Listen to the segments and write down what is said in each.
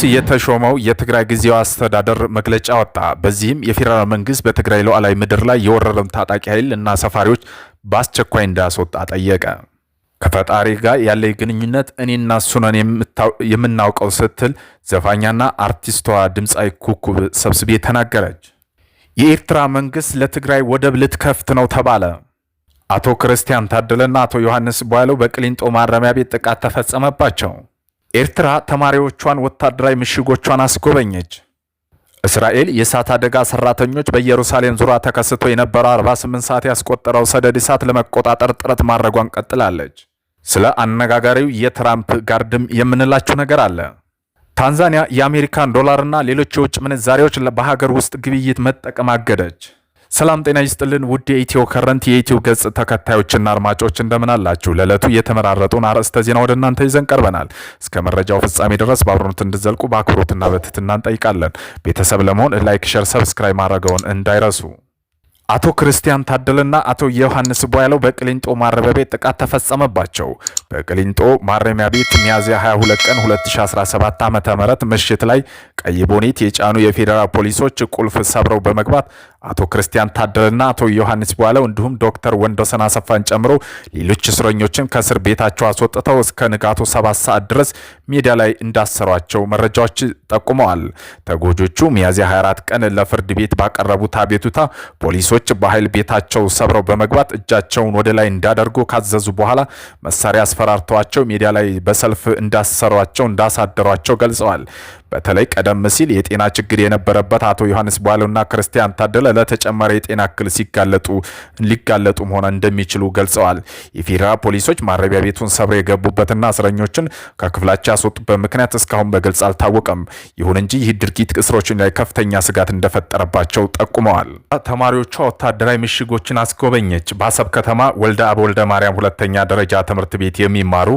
ትናንት የተሾመው የትግራይ ጊዜያዊ አስተዳደር መግለጫ ወጣ። በዚህም የፌዴራል መንግስት በትግራይ ሉዓላዊ ምድር ላይ የወረረም ታጣቂ ኃይል እና ሰፋሪዎች በአስቸኳይ እንዳስወጣ ጠየቀ። ከፈጣሪ ጋር ያለ ግንኙነት እኔና እሱነን የምናውቀው ስትል ዘፋኛና አርቲስቷ ድምፃዊ ኩኩብ ሰብስቤ ተናገረች። የኤርትራ መንግስት ለትግራይ ወደብ ልትከፍት ነው ተባለ። አቶ ክርስቲያን ታደለና አቶ ዮሐንስ ቧያለው በቅሊንጦ ማረሚያ ቤት ጥቃት ተፈጸመባቸው። ኤርትራ ተማሪዎቿን ወታደራዊ ምሽጎቿን አስጎበኘች። እስራኤል የእሳት አደጋ ሰራተኞች በኢየሩሳሌም ዙሪያ ተከስቶ የነበረው 48 ሰዓት ያስቆጠረው ሰደድ እሳት ለመቆጣጠር ጥረት ማድረጓን ቀጥላለች። ስለ አነጋጋሪው የትራምፕ ጋርድም የምንላችሁ ነገር አለ። ታንዛኒያ የአሜሪካን ዶላርና ሌሎች የውጭ ምንዛሪዎች በሀገር ውስጥ ግብይት መጠቀም አገደች። ሰላም ጤና ይስጥልን ውድ የኢትዮ ከረንት የኢትዮ ገጽ ተከታዮችና አድማጮች እንደምን አላችሁ? ለዕለቱ የተመራረጡን አርዕስተ ዜና ወደ እናንተ ይዘን ቀርበናል። እስከ መረጃው ፍጻሜ ድረስ በአብሮነት እንድዘልቁ በአክብሮትና በትህትና እንጠይቃለን። ቤተሰብ ለመሆን ላይክ፣ ሸር፣ ሰብስክራይብ ማድረገውን እንዳይረሱ አቶ ክርስቲያን ታደለና አቶ ዮሐንስ ቧያለው በቅሊንጦ ማረሚያ ቤት ጥቃት ተፈጸመባቸው። በቅሊንጦ ማረሚያ ቤት ሚያዝያ 22 ቀን 2017 .ም ምሽት ላይ ቀይ ቦኔት የጫኑ የፌዴራል ፖሊሶች ቁልፍ ሰብረው በመግባት አቶ ክርስቲያን ታደለና አቶ ዮሐንስ ቧያለው እንዲሁም ዶክተር ወንዶሰን አሰፋን ጨምሮ ሌሎች እስረኞችን ከእስር ቤታቸው አስወጥተው እስከ ንጋቱ 7 ሰዓት ድረስ ሜዳ ላይ እንዳሰሯቸው መረጃዎች ጠቁመዋል። ተጎጆቹ ሚያዝያ 24 ቀን ለፍርድ ቤት ባቀረቡት አቤቱታ ፖሊሶች ታጣቂዎች በኃይል ቤታቸው ሰብረው በመግባት እጃቸውን ወደ ላይ እንዳደርጉ ካዘዙ በኋላ መሳሪያ አስፈራርተዋቸው ሚዲያ ላይ በሰልፍ እንዳሰሯቸው እንዳሳደሯቸው ገልጸዋል። በተለይ ቀደም ሲል የጤና ችግር የነበረበት አቶ ዮሐንስ ቧለውና ክርስቲያን ታደለ ለተጨማሪ የጤና እክል ሲጋለጡ ሊጋለጡ መሆን እንደሚችሉ ገልጸዋል። የፌዴራል ፖሊሶች ማረቢያ ቤቱን ሰብረው የገቡበትና እስረኞችን ከክፍላቸው ያስወጡበት ምክንያት እስካሁን በግልጽ አልታወቀም። ይሁን እንጂ ይህ ድርጊት እስሮችን ላይ ከፍተኛ ስጋት እንደፈጠረባቸው ጠቁመዋል። ተማሪዎቿ ወታደራዊ ምሽጎችን አስጎበኘች። በአሰብ ከተማ ወልደ አብ ወልደ ማርያም ሁለተኛ ደረጃ ትምህርት ቤት የሚማሩ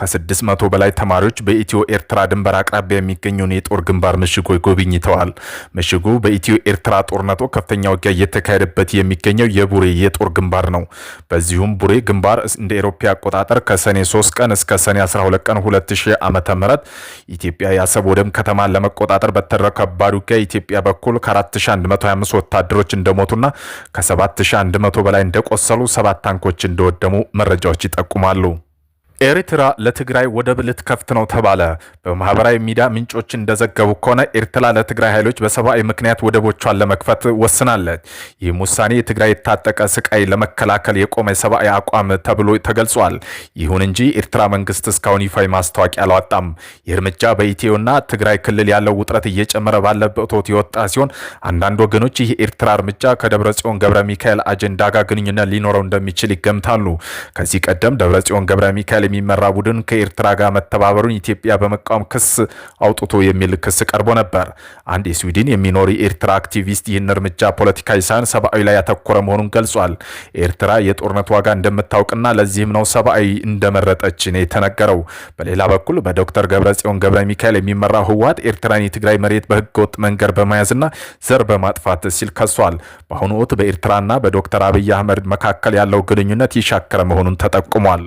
ከ600 በላይ ተማሪዎች በኢትዮ ኤርትራ ድንበር አቅራቢያ የሚገኘውን የጦር ግንባር ምሽጎች ጎብኝተዋል። ምሽጉ በኢትዮ ኤርትራ ጦርነት ከፍተኛ ውጊያ እየተካሄደበት የሚገኘው የቡሬ የጦር ግንባር ነው። በዚሁም ቡሬ ግንባር እንደ ኤሮፓ አቆጣጠር ከሰኔ 3 ቀን እስከ ሰኔ 12 ቀን 2000 ዓ ም ኢትዮጵያ የአሰብ ወደብ ከተማን ለመቆጣጠር በተደረገ ከባድ ውጊያ ኢትዮጵያ በኩል ከ4125 ወታደሮች እንደሞቱና ከ7100 በላይ እንደቆሰሉ፣ ሰባት ታንኮች እንደወደሙ መረጃዎች ይጠቁማሉ። ኤርትራ ለትግራይ ወደብ ልትከፍት ነው ተባለ። በማህበራዊ ሚዲያ ምንጮች እንደዘገቡ ከሆነ ኤርትራ ለትግራይ ኃይሎች በሰብአዊ ምክንያት ወደቦቿን ለመክፈት ወስናለች። ይህም ውሳኔ የትግራይ የታጠቀ ስቃይ ለመከላከል የቆመ የሰብአዊ አቋም ተብሎ ተገልጿል። ይሁን እንጂ ኤርትራ መንግስት እስካሁን ይፋዊ ማስታወቂያ አላወጣም። ይህ እርምጃ በኢትዮና ትግራይ ክልል ያለው ውጥረት እየጨመረ ባለበት ወቅት የወጣ ሲሆን አንዳንድ ወገኖች ይህ ኤርትራ እርምጃ ከደብረ ገብረ ሚካኤል አጀንዳ ጋር ግንኙነት ሊኖረው እንደሚችል ይገምታሉ። ከዚህ ቀደም ደብረጽዮን ገብረ ሚካኤል የሚመራ ቡድን ከኤርትራ ጋር መተባበሩን ኢትዮጵያ በመቃወም ክስ አውጥቶ የሚል ክስ ቀርቦ ነበር። አንድ የስዊድን የሚኖር የኤርትራ አክቲቪስት ይህን እርምጃ ፖለቲካዊ ሳይሆን ሰብአዊ ላይ ያተኮረ መሆኑን ገልጿል። ኤርትራ የጦርነት ዋጋ እንደምታውቅና ለዚህም ነው ሰብአዊ እንደመረጠች ነው የተነገረው። በሌላ በኩል በዶክተር ገብረጽዮን ገብረ ሚካኤል የሚመራው ህወሓት ኤርትራን የትግራይ መሬት በህገወጥ መንገድ በመያዝና ዘር በማጥፋት ሲል ከሷል። በአሁኑ ወቅት በኤርትራና በዶክተር አብይ አህመድ መካከል ያለው ግንኙነት ይሻከረ መሆኑን ተጠቁሟል።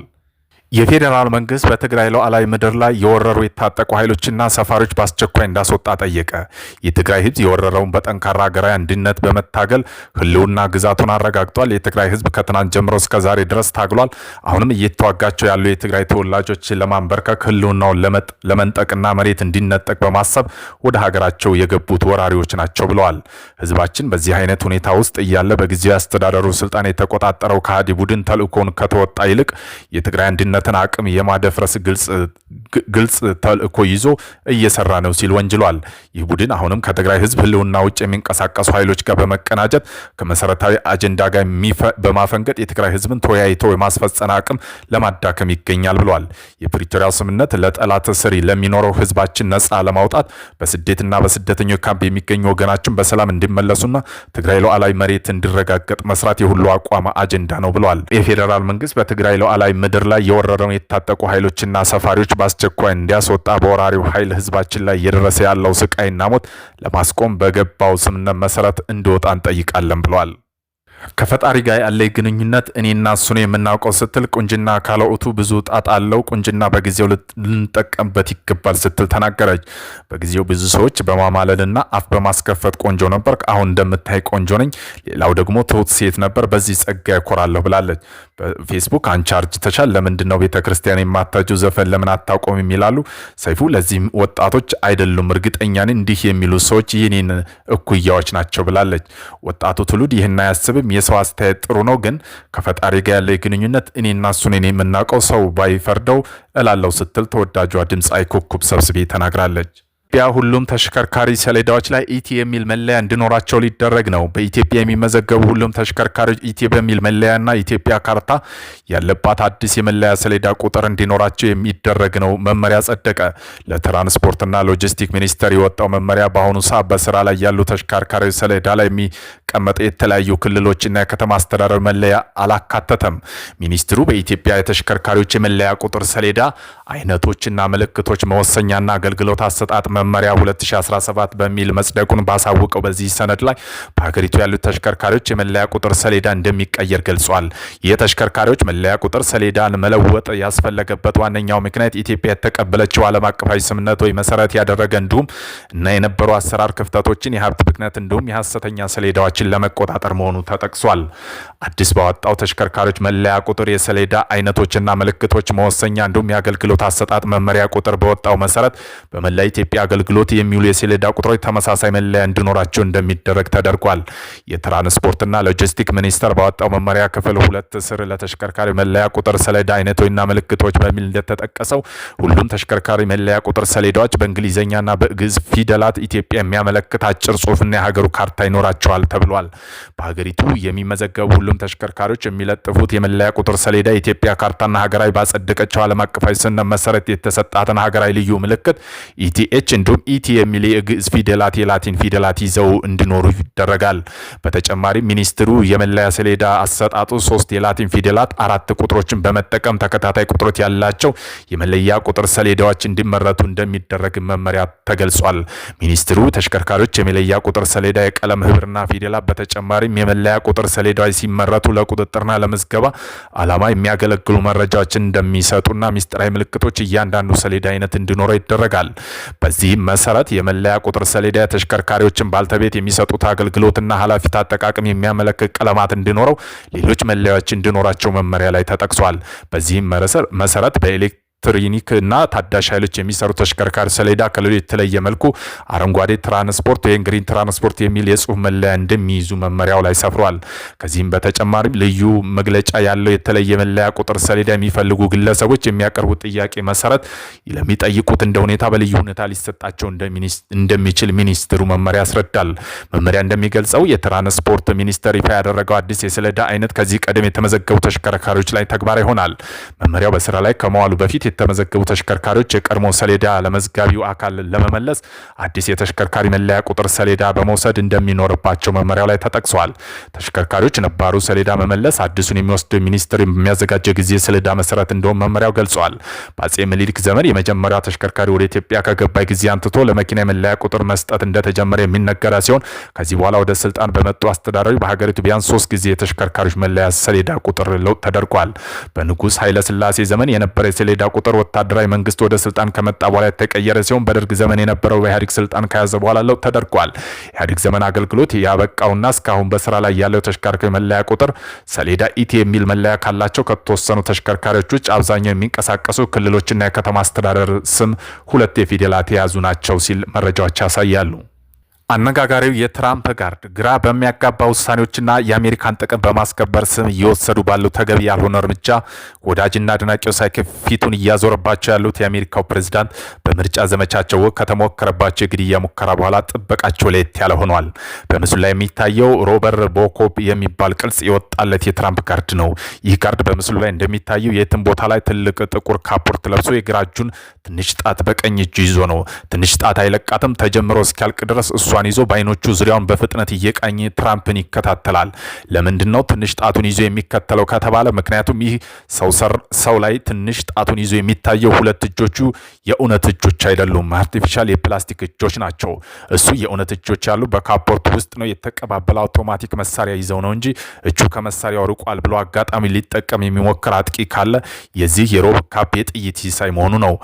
የፌዴራል መንግስት በትግራይ ሉዓላዊ ምድር ላይ የወረሩ የታጠቁ ኃይሎችና ሰፋሪዎች በአስቸኳይ እንዳስወጣ ጠየቀ። የትግራይ ህዝብ የወረረውን በጠንካራ ሀገራዊ አንድነት በመታገል ህልውና ግዛቱን አረጋግጧል። የትግራይ ህዝብ ከትናንት ጀምሮ እስከ ዛሬ ድረስ ታግሏል። አሁንም እየተዋጋቸው ያሉ የትግራይ ተወላጆች ለማንበርከክ ህልውናውን ለመንጠቅና መሬት እንዲነጠቅ በማሰብ ወደ ሀገራቸው የገቡት ወራሪዎች ናቸው ብለዋል። ህዝባችን በዚህ አይነት ሁኔታ ውስጥ እያለ በጊዜያዊ አስተዳደሩ ስልጣን የተቆጣጠረው ከሃዲ ቡድን ተልእኮውን ከተወጣ ይልቅ የትግራይ አንድነት የጦርነትን አቅም የማደፍረስ ግልጽ ተልእኮ ይዞ እየሰራ ነው ሲል ወንጅሏል። ይህ ቡድን አሁንም ከትግራይ ህዝብ ህልውና ውጭ የሚንቀሳቀሱ ኃይሎች ጋር በመቀናጀት ከመሰረታዊ አጀንዳ ጋር በማፈንገጥ የትግራይ ህዝብን ተወያይቶ የማስፈጸም አቅም ለማዳከም ይገኛል ብሏል። የፕሪቶሪያው ስምምነት ለጠላት ስሪ ለሚኖረው ህዝባችን ነፃ ለማውጣት በስደትና በስደተኞች ካምፕ የሚገኙ ወገናችን በሰላም እንዲመለሱና ትግራይ ሉዓላዊ መሬት እንዲረጋገጥ መስራት የሁሉ አቋም አጀንዳ ነው ብለዋል። የፌዴራል መንግስት በትግራይ ሉዓላዊ ምድር ላይ የወ የወረረውን የታጠቁ ኃይሎችና ሰፋሪዎች በአስቸኳይ እንዲያስወጣ በወራሪው ኃይል ህዝባችን ላይ እየደረሰ ያለው ስቃይና ሞት ለማስቆም በገባው ስምነት መሰረት እንዲወጣ እንጠይቃለን ብለዋል። ከፈጣሪ ጋር ያለ ግንኙነት እኔና እሱን የምናውቀው ስትል ቁንጅና ካለውቱ ብዙ ጣጣ አለው። ቁንጅና በጊዜው ልንጠቀምበት ይገባል ስትል ተናገረች። በጊዜው ብዙ ሰዎች በማማለልና አፍ በማስከፈት ቆንጆ ነበር። አሁን እንደምታይ ቆንጆ ነኝ። ሌላው ደግሞ ትሁት ሴት ነበር። በዚህ ጸጋ ይኮራለሁ ብላለች። ፌስቡክ አንቻርጅ ተቻል ለምንድን ነው ቤተ ክርስቲያን ዘፈን ለምን አታቆም የሚላሉ ሰይፉ። ለዚህም ወጣቶች አይደሉም እርግጠኛን እንዲህ የሚሉ ሰዎች የኔን እኩያዎች ናቸው ብላለች። ወጣቱ ትውልድ ይህን አያስብም። የሰው አስተያየት ጥሩ ነው፣ ግን ከፈጣሪ ጋር ያለ ግንኙነት እኔና እሱን የምናውቀው ሰው ባይፈርደው እላለው ስትል ተወዳጇ ድምፃዊ ኮከብ ሰብስቤ ተናግራለች። ኢትዮጵያ ሁሉም ተሽከርካሪ ሰሌዳዎች ላይ ኢቲ የሚል መለያ እንዲኖራቸው ሊደረግ ነው። በኢትዮጵያ የሚመዘገቡ ሁሉም ተሽከርካሪዎች ኢቲ በሚል መለያና ኢትዮጵያ ካርታ ያለባት አዲስ የመለያ ሰሌዳ ቁጥር እንዲኖራቸው የሚደረግ ነው። መመሪያ ጸደቀ። ለትራንስፖርትና ሎጂስቲክ ሚኒስቴር የወጣው መመሪያ በአሁኑ ሰዓት በስራ ላይ ያሉ ተሽከርካሪዎች ሰሌዳ ላይ የሚቀመጠ የተለያዩ ክልሎችና የከተማ አስተዳደር መለያ አላካተተም። ሚኒስትሩ በኢትዮጵያ የተሽከርካሪዎች የመለያ ቁጥር ሰሌዳ አይነቶችና ምልክቶች መወሰኛና አገልግሎት አሰጣጥ መመሪያ 2017 በሚል መጽደቁን ባሳወቀው በዚህ ሰነድ ላይ በሀገሪቱ ያሉት ተሽከርካሪዎች የመለያ ቁጥር ሰሌዳ እንደሚቀየር ገልጿል። የተሽከርካሪዎች መለያ ቁጥር ሰሌዳን መለወጥ ያስፈለገበት ዋነኛው ምክንያት ኢትዮጵያ የተቀበለችው ዓለም አቀፋዊ ስምነት ወይ መሰረት ያደረገ እንዲሁም እና የነበሩ አሰራር ክፍተቶችን፣ የሀብት ብክነት እንዲሁም የሀሰተኛ ሰሌዳዎችን ለመቆጣጠር መሆኑ ተጠቅሷል። አዲስ ባወጣው ተሽከርካሪዎች መለያ ቁጥር የሰሌዳ አይነቶችና ምልክቶች መወሰኛ እንዲሁም የአገልግሎት አሰጣጥ መመሪያ ቁጥር በወጣው መሰረት በመላ ኢትዮጵያ አገልግሎት የሚውሉ የሰሌዳ ቁጥሮች ተመሳሳይ መለያ እንዲኖራቸው እንደሚደረግ ተደርጓል። የትራንስፖርትና ሎጂስቲክ ሚኒስቴር ባወጣው መመሪያ ክፍል ሁለት ስር ለተሽከርካሪ መለያ ቁጥር ሰሌዳ አይነቶችና ምልክቶች በሚል እንደተጠቀሰው ሁሉም ተሽከርካሪ መለያ ቁጥር ሰሌዳዎች በእንግሊዝኛና በግዕዝ ፊደላት ኢትዮጵያ የሚያመለክት አጭር ጽሁፍና የሀገሩ ካርታ ይኖራቸዋል ተብሏል። በሀገሪቱ የሚመዘገቡ ሁሉም ተሽከርካሪዎች የሚለጥፉት የመለያ ቁጥር ሰሌዳ የኢትዮጵያ ካርታና ሀገራዊ ባጸደቀቸው ዓለም አቀፋዊ ስነት መሰረት የተሰጣትን ሀገራዊ ልዩ ምልክት ኢቲኤች እንዲሁም ኢቲ የሚል የግዕዝ ፊደላት የላቲን ፊደላት ይዘው እንዲኖሩ ይደረጋል። በተጨማሪም ሚኒስትሩ የመለያ ሰሌዳ አሰጣጡ ሶስት የላቲን ፊደላት አራት ቁጥሮችን በመጠቀም ተከታታይ ቁጥሮች ያላቸው የመለያ ቁጥር ሰሌዳዎች እንዲመረቱ እንደሚደረግ መመሪያ ተገልጿል። ሚኒስትሩ ተሽከርካሪዎች የመለያ ቁጥር ሰሌዳ፣ የቀለም ህብርና ፊደላት በተጨማሪም የመለያ ቁጥር ሰሌዳዎች ሲመረቱ ለቁጥጥርና ለምዝገባ ዓላማ የሚያገለግሉ መረጃዎችን እንደሚሰጡና ሚስጥራዊ ምልክቶች እያንዳንዱ ሰሌዳ አይነት እንዲኖረው ይደረጋል። በዚህ በዚህ መሰረት የመለያ ቁጥር ሰሌዳ ተሽከርካሪዎችን ባልተቤት የሚሰጡት አገልግሎትና ኃላፊት አጠቃቀም የሚያመለክት ቀለማት እንዲኖረው፣ ሌሎች መለያዎች እንዲኖራቸው መመሪያ ላይ ተጠቅሷል። በዚህም መሰረት በኤሌክትሪክ ትሪኒክ እና ታዳሽ ኃይሎች የሚሰሩ ተሽከርካሪ ሰሌዳ ከሌሎች የተለየ መልኩ አረንጓዴ ትራንስፖርት ወይም ግሪን ትራንስፖርት የሚል የጽሁፍ መለያ እንደሚይዙ መመሪያው ላይ ሰፍሯል። ከዚህም በተጨማሪም ልዩ መግለጫ ያለው የተለየ መለያ ቁጥር ሰሌዳ የሚፈልጉ ግለሰቦች የሚያቀርቡት ጥያቄ መሰረት ለሚጠይቁት እንደ ሁኔታ በልዩ ሁኔታ ሊሰጣቸው እንደሚችል ሚኒስትሩ መመሪያ ያስረዳል። መመሪያ እንደሚገልጸው የትራንስፖርት ሚኒስቴር ይፋ ያደረገው አዲስ የሰሌዳ አይነት ከዚህ ቀደም የተመዘገቡ ተሽከርካሪዎች ላይ ተግባራዊ ይሆናል። መመሪያው በስራ ላይ ከመዋሉ በፊት በመገኘት የተመዘገቡ ተሽከርካሪዎች የቀድሞ ሰሌዳ ለመዝጋቢው አካል ለመመለስ አዲስ የተሽከርካሪ መለያ ቁጥር ሰሌዳ በመውሰድ እንደሚኖርባቸው መመሪያው ላይ ተጠቅሰዋል። ተሽከርካሪዎች ነባሩ ሰሌዳ መመለስ አዲሱን የሚወስድ ሚኒስቴር የሚያዘጋጀ ጊዜ ሰሌዳ መሰረት እንደሆነ መመሪያው ገልጿል። በአጼ ምኒልክ ዘመን የመጀመሪያ ተሽከርካሪ ወደ ኢትዮጵያ ከገባ ጊዜ አንትቶ ለመኪና የመለያ ቁጥር መስጠት እንደተጀመረ የሚነገረ ሲሆን ከዚህ በኋላ ወደ ስልጣን በመጡ አስተዳዳሪ በሀገሪቱ ቢያንስ ሶስት ጊዜ የተሽከርካሪዎች መለያ ሰሌዳ ቁጥር ለውጥ ተደርጓል። በንጉስ ኃይለስላሴ ዘመን የነበረ የሰሌዳ ቁጥር ወታደራዊ መንግስት ወደ ስልጣን ከመጣ በኋላ የተቀየረ ሲሆን በደርግ ዘመን የነበረው በኢህአዴግ ስልጣን ከያዘ በኋላ ለውጥ ተደርጓል። ኢህአዴግ ዘመን አገልግሎት ያበቃውና እስካሁን በስራ ላይ ያለው ተሽከርካሪ መለያ ቁጥር ሰሌዳ ኢቲ የሚል መለያ ካላቸው ከተወሰኑ ተሽከርካሪዎች ውጭ አብዛኛው የሚንቀሳቀሱ ክልሎችና የከተማ አስተዳደር ስም ሁለት የፊደላት የያዙ ናቸው ሲል መረጃዎች ያሳያሉ። አነጋጋሪው የትራምፕ ጋርድ ግራ በሚያጋባ ውሳኔዎችና የአሜሪካን ጥቅም በማስከበር ስም እየወሰዱ ባለው ተገቢ ያልሆነ እርምጃ ወዳጅና አድናቂው ሳይክፍ ፊቱን እያዞረባቸው ያሉት የአሜሪካው ፕሬዝዳንት በምርጫ ዘመቻቸው ወቅት ከተሞከረባቸው የግድያ ሙከራ በኋላ ጥበቃቸው ለየት ያለ ሆኗል። በምስሉ ላይ የሚታየው ሮበር ቦኮብ የሚባል ቅርጽ የወጣለት የትራምፕ ጋርድ ነው። ይህ ጋርድ በምስሉ ላይ እንደሚታየው የትም ቦታ ላይ ትልቅ ጥቁር ካፖርት ለብሶ የግራ እጁን ትንሽ ጣት በቀኝ እጁ ይዞ ነው። ትንሽ ጣት አይለቃትም። ተጀምሮ እስኪያልቅ ድረስ እሱ እጇን ይዞ በአይኖቹ ዙሪያውን በፍጥነት እየቃኘ ትራምፕን ይከታተላል። ለምንድን ነው ትንሽ ጣቱን ይዞ የሚከተለው ከተባለ ምክንያቱም ይህ ሰው ሰው ላይ ትንሽ ጣቱን ይዞ የሚታየው ሁለት እጆቹ የእውነት እጆች አይደሉም፣ አርቲፊሻል የፕላስቲክ እጆች ናቸው። እሱ የእውነት እጆች ያሉ በካፖርት ውስጥ ነው የተቀባበለ አውቶማቲክ መሳሪያ ይዘው ነው እንጂ እጁ ከመሳሪያው ርቋል ብሎ አጋጣሚ ሊጠቀም የሚሞክር አጥቂ ካለ የዚህ የሮብ ካፕ የጥይት ሲሳይ መሆኑ ነው።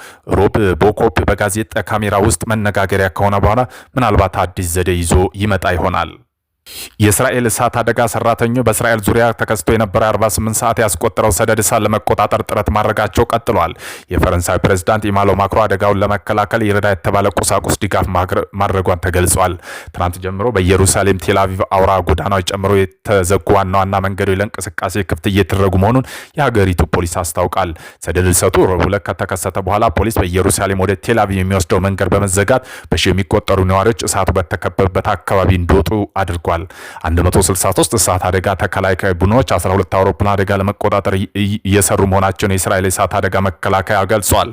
ሮብ ቦኮፕ በጋዜጣ ካሜራ ውስጥ መነጋገሪያ ከሆነ በኋላ ምናልባት አዲስ አዲስ ዘዴ ይዞ ይመጣ ይሆናል። የእስራኤል እሳት አደጋ ሰራተኞች በእስራኤል ዙሪያ ተከስቶ የነበረ 48 ሰዓት ያስቆጠረው ሰደድ እሳት ለመቆጣጠር ጥረት ማድረጋቸው ቀጥሏል። የፈረንሳይ ፕሬዝዳንት ኢማሎ ማክሮ አደጋውን ለመከላከል ይረዳ የተባለ ቁሳቁስ ድጋፍ ማድረጓን ተገልጿል። ትናንት ጀምሮ በኢየሩሳሌም ቴላቪቭ አውራ ጎዳናዎች ጨምሮ የተዘጉ ዋና ዋና መንገዶች ለእንቅስቃሴ ክፍት እየተደረጉ መሆኑን የሀገሪቱ ፖሊስ አስታውቃል። ሰደድ እሳቱ ረቡዕ ዕለት ከተከሰተ በኋላ ፖሊስ በኢየሩሳሌም ወደ ቴላቪቭ የሚወስደው መንገድ በመዘጋት በሺ የሚቆጠሩ ነዋሪዎች እሳቱ በተከበበበት አካባቢ እንዲወጡ አድርጓል። ተገልጿል። 163 እሳት አደጋ ተከላካይ ቡድኖች 12 አውሮፕላን አደጋ ለመቆጣጠር እየሰሩ መሆናቸውን የእስራኤል እሳት አደጋ መከላከያ ገልጿል።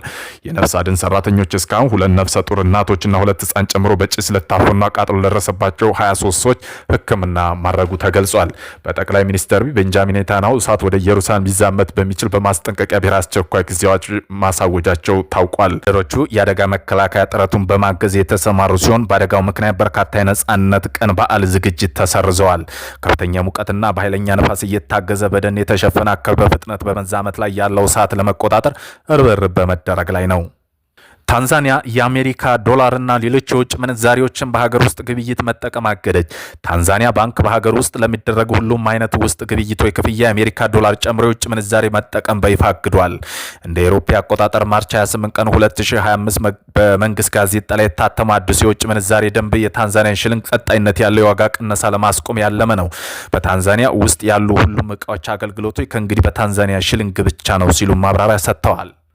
የነፍስ አድን ሰራተኞች እስካሁን ሁለት ነፍሰ ጡር እናቶችና ሁለት ህፃን ጨምሮ በጭስ ለታፈኑና ቃጥሎ ለደረሰባቸው 23 ሰዎች ሕክምና ማድረጉ ተገልጿል። በጠቅላይ ሚኒስትር ቤንጃሚን ኔታንያሁ እሳት ወደ ኢየሩሳሌም ሊዛመት በሚችል በማስጠንቀቂያ ብሔር አስቸኳይ ጊዜ አዋጅ ማሳወጃቸው ታውቋል። ሌሎቹ የአደጋ መከላከያ ጥረቱን በማገዝ የተሰማሩ ሲሆን በአደጋው ምክንያት በርካታ የነጻነት ቀን በዓል ዝግጅት ዝግጅት ተሰርዘዋል። ከፍተኛ ሙቀትና በኃይለኛ ንፋስ እየታገዘ በደን የተሸፈነ አካባቢ በፍጥነት በመዛመት ላይ ያለው እሳት ለመቆጣጠር እርብርብ በመደረግ ላይ ነው። ታንዛኒያ የአሜሪካ ዶላርና ሌሎች የውጭ ምንዛሪዎችን በሀገር ውስጥ ግብይት መጠቀም አገደች። ታንዛኒያ ባንክ በሀገር ውስጥ ለሚደረጉ ሁሉም አይነት ውስጥ ግብይት ወይ ክፍያ የአሜሪካ ዶላር ጨምሮ የውጭ ምንዛሬ መጠቀም በይፋ አግዷል። እንደ አውሮፓ አቆጣጠር ማርች 28 ቀን 2025 በመንግስት ጋዜጣ ላይ የታተመ አዲሱ የውጭ ምንዛሬ ደንብ የታንዛኒያን ሽልንግ ቀጣይነት ያለው የዋጋ ቅነሳ ለማስቆም ያለመ ነው። በታንዛኒያ ውስጥ ያሉ ሁሉም እቃዎች፣ አገልግሎቶች ከእንግዲህ በታንዛኒያ ሽልንግ ብቻ ነው ሲሉ ማብራሪያ ሰጥተዋል።